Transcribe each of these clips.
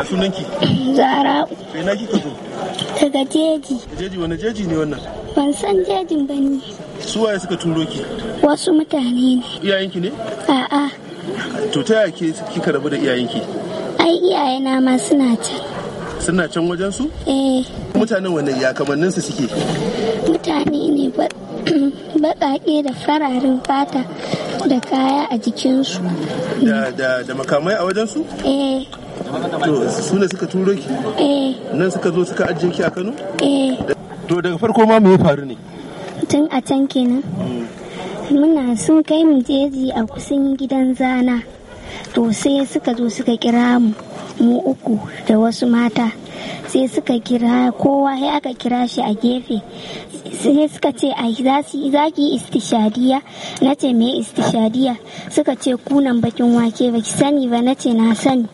Ya sunanki? Zara. Sai na kika zo? Daga jeji. Jeji wani jeji ne wannan? Ban san jejin ba ne. Su waye suka turo ki? Wasu mutane ne. Iyayenki ne? A'a. To ta yaya kika rabu da iyayenki? Ai iyayena ma suna can. Suna can wajen su? Eh. Mutanen wannan ya kamannin su suke? Mutane ne baƙaƙe da fararen fata da kaya a jikinsu. Da makamai a wajensu? Eh. to su ne suka turo ki eh. nan suka zo suka ajiye ki a Kano eh. to daga farko ma me ya faru ne tun a can kenan muna sun kai mu jeji a kusan gidan zana to sai suka zo suka kira mu mu uku da wasu mata sai suka kira kowa sai aka kira shi a gefe sai suka ce a za ki istishadiya na ce me istishadiya suka ce kunan bakin wake baki sani ba na ce na sani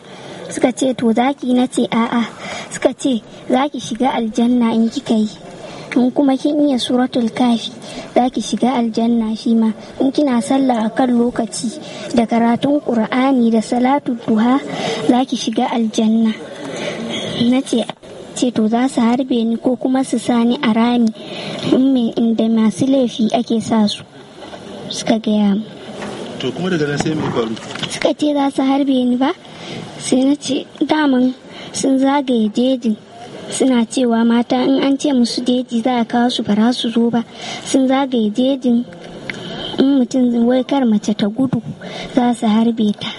suka ce to zaki na ce a'a suka ce zaki shiga aljanna in kika yi in kuma kin iya suratul kafi zaki shiga aljanna shi ma in kina sallah a kan lokaci da karatun qur'ani da salatu duha zaki shiga aljanna na ce ce to za su harbe ni ko kuma su sani a rami inda masu laifi ake sa su suka gaya mu to kuma daga nan sai mai faru suka ce za su harbe ni ba sai na ce daman sun zagaye jejin suna cewa mata in an ce musu jeji za a kawo su bara su zo ba sun zagaye jejin in mutum wai kar mace ta gudu za su harbe ta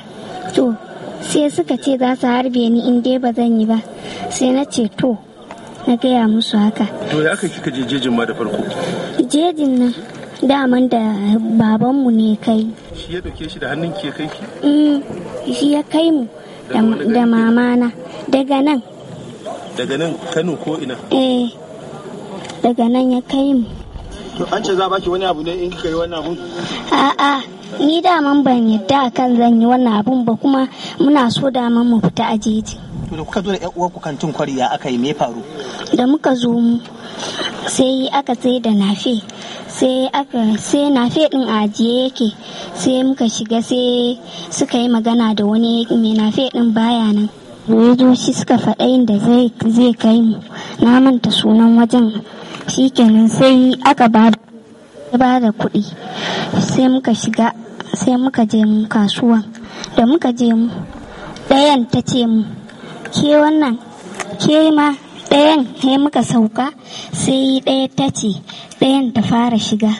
to sai suka ce za su harbe ni in dai ba zan yi ba sai na ce to na gaya musu haka to ya kai kika je jejin ma da farko jejin nan daman da babanmu ne kai shi ya dauke shi da hannun ke kai ki mm, shi ya kai mu da mamana daga nan daga nan kano ko ina eh daga nan ya kai mu to an ce za ba ki wani abu ne in kika yi wannan abun a ni daman ban yadda akan zan yi wannan abun ba kuma muna so da man mu fita ajeji to da kuka zo da uwar ku kantin kwariya aka yi me faru da muka zo mu sai aka tsaye da nafe sai aka sai na din ajiye yake sai muka shiga sai suka yi magana da wani mai na din baya nan ya shi suka faɗa inda zai kai mu na manta sunan wajen shikenan sai aka ba da kuɗi sai muka shiga sai muka je mu kasuwan da muka je mu ɗayan ta ce mu ke wannan ke ma ɗayan sai muka sauka sai ɗaya ta ce ɗayan ta fara shiga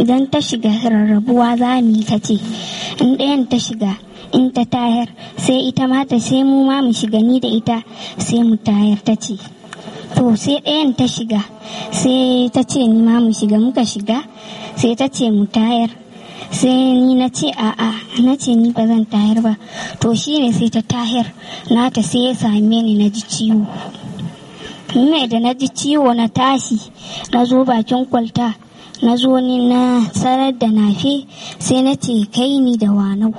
idan ta shiga rarrabuwa za mu yi ta ce in ɗayan ta shiga in ta tayar sai ita mata sai mu ma mu shiga ni da ita sai mu tayar ta ce to sai ɗayan ta shiga sai ta ce ni ma mu shiga muka shiga sai ta ce mu tayar sai ni na ce a'a na ce ni ba zan tayar ba to shine sai ta tayar na ta sai ya same ni na ji ciwo ne da na ji ciwo na tashi na zo bakin kwalta na zo ni na sanar da nafe sai na ce kai ni da wanau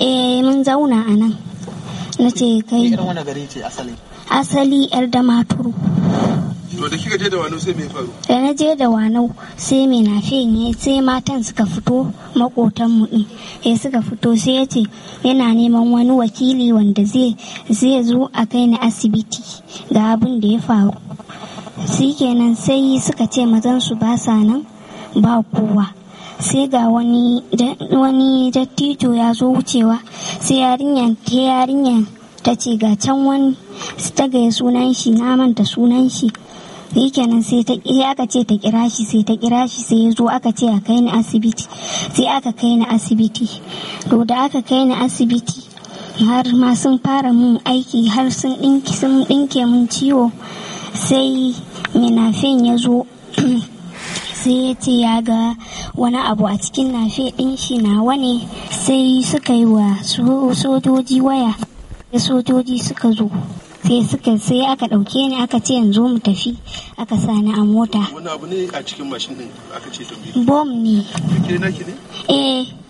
eh mun zauna a nan na ce kai asali yar da maturu To da kika je da wano sai mai na je da wano sai ne sai matan suka fito makotan mu din. Sai eh suka fito sai ya ce yana neman wani wakili wanda zai zo a kai na asibiti ga abin da ya faru. Shikenan sai suka ce mazan su ba sa nan ba kowa. sai ga wani dattijo ya zo wucewa sai yarinyar ta yarinyar ta ce ga can wani ta gaya sunan shi na manta sunan shi shi kenan sai ta aka ce ta kira shi sai ta kira shi sai ya zo aka ce a kai ni asibiti sai aka kai ni asibiti to da aka kai ni asibiti har ma sun fara mun aiki har sun dinki sun dinke mun ciwo sai minafin ya zo sai ya ce ya ga wani abu a cikin nafe din shi nawa ne sai suka yi wa sojoji waya sojoji suka zo sai suka sai aka ɗauke ni aka ce yanzu mu tafi aka sa ni a mota wani abu ne a cikin mashin din aka ce to bom ne eh